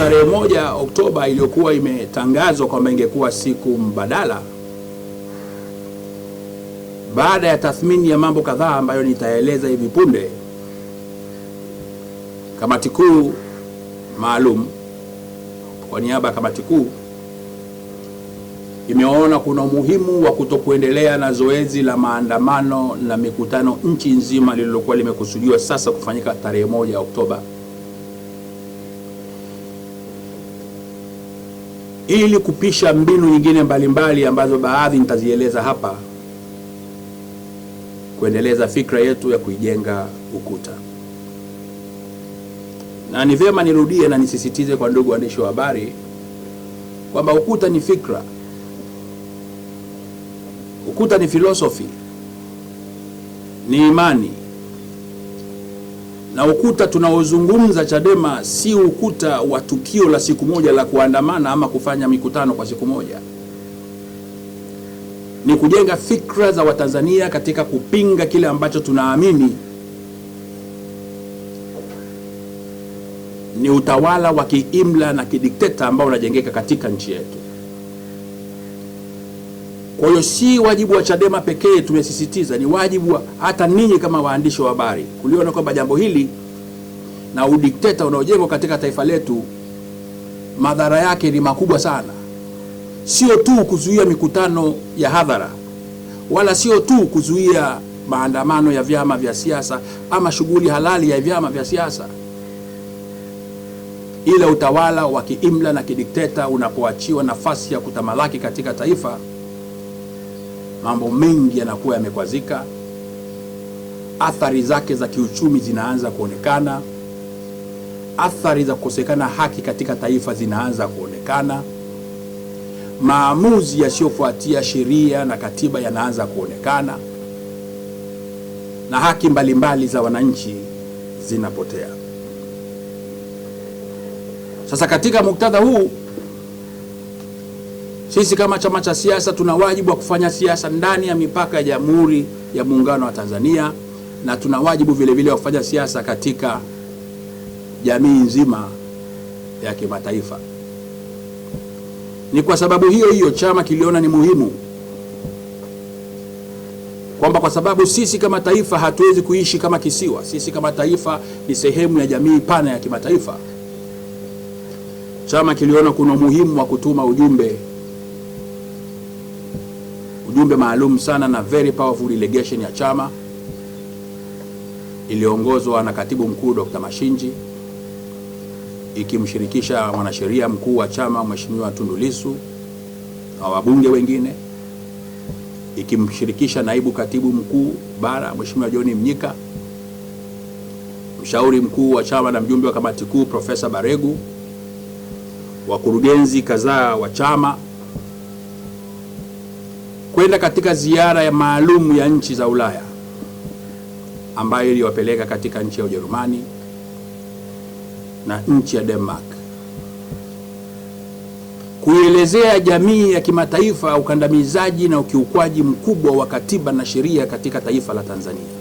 tarehe moja Oktoba iliyokuwa imetangazwa kwamba ingekuwa siku mbadala, baada ya tathmini ya mambo kadhaa ambayo nitaeleza hivi punde, kamati kuu maalum kwa niaba ya kamati kuu imeona kuna umuhimu wa kutokuendelea na zoezi la maandamano na mikutano nchi nzima lililokuwa limekusudiwa sasa kufanyika tarehe moja Oktoba. ili kupisha mbinu nyingine mbalimbali ambazo baadhi nitazieleza hapa kuendeleza fikra yetu ya kuijenga ukuta. Na ni vyema nirudie na nisisitize kwa ndugu waandishi wa habari kwamba ukuta ni fikra, ukuta ni filosofi, ni imani, na ukuta tunaozungumza Chadema si ukuta wa tukio la siku moja la kuandamana ama kufanya mikutano kwa siku moja, ni kujenga fikra za Watanzania katika kupinga kile ambacho tunaamini ni utawala wa kiimla na kidikteta ambao unajengeka katika nchi yetu. Kwa hiyo si wajibu wa Chadema pekee, tumesisitiza ni wajibu wa hata ninyi kama waandishi wa habari kuliona kwamba jambo hili na udikteta unaojengwa katika taifa letu madhara yake ni makubwa sana, sio tu kuzuia mikutano ya hadhara wala sio tu kuzuia maandamano ya vyama vya siasa ama shughuli halali ya vyama vya siasa, ila utawala wa kiimla na kidikteta unapoachiwa nafasi ya kutamalaki katika taifa mambo mengi yanakuwa yamekwazika, athari zake za kiuchumi zinaanza kuonekana, athari za kukosekana haki katika taifa zinaanza kuonekana, maamuzi yasiyofuatia sheria na katiba yanaanza kuonekana na haki mbalimbali mbali za wananchi zinapotea. Sasa katika muktadha huu sisi kama chama cha siasa tuna wajibu wa kufanya siasa ndani ya mipaka ya Jamhuri ya Muungano wa Tanzania na tuna wajibu vile vile wa kufanya siasa katika jamii nzima ya kimataifa. Ni kwa sababu hiyo hiyo chama kiliona ni muhimu kwamba kwa sababu sisi kama taifa hatuwezi kuishi kama kisiwa. Sisi kama taifa ni sehemu ya jamii pana ya kimataifa. Chama kiliona kuna umuhimu wa kutuma ujumbe ujumbe maalum sana na very powerful delegation ya chama iliongozwa na katibu mkuu Dr. Mashinji ikimshirikisha mwanasheria mkuu wa chama Mheshimiwa Tundu Lissu na wabunge wengine ikimshirikisha naibu katibu mkuu bara Mheshimiwa John Mnyika, mshauri mkuu wa chama na mjumbe wa kamati kuu Profesa Baregu, wakurugenzi kadhaa wa chama kwenda katika ziara ya maalum ya nchi za Ulaya ambayo iliwapeleka katika nchi ya Ujerumani na nchi ya Denmark kuielezea jamii ya kimataifa ukandamizaji na ukiukwaji mkubwa wa katiba na sheria katika taifa la Tanzania.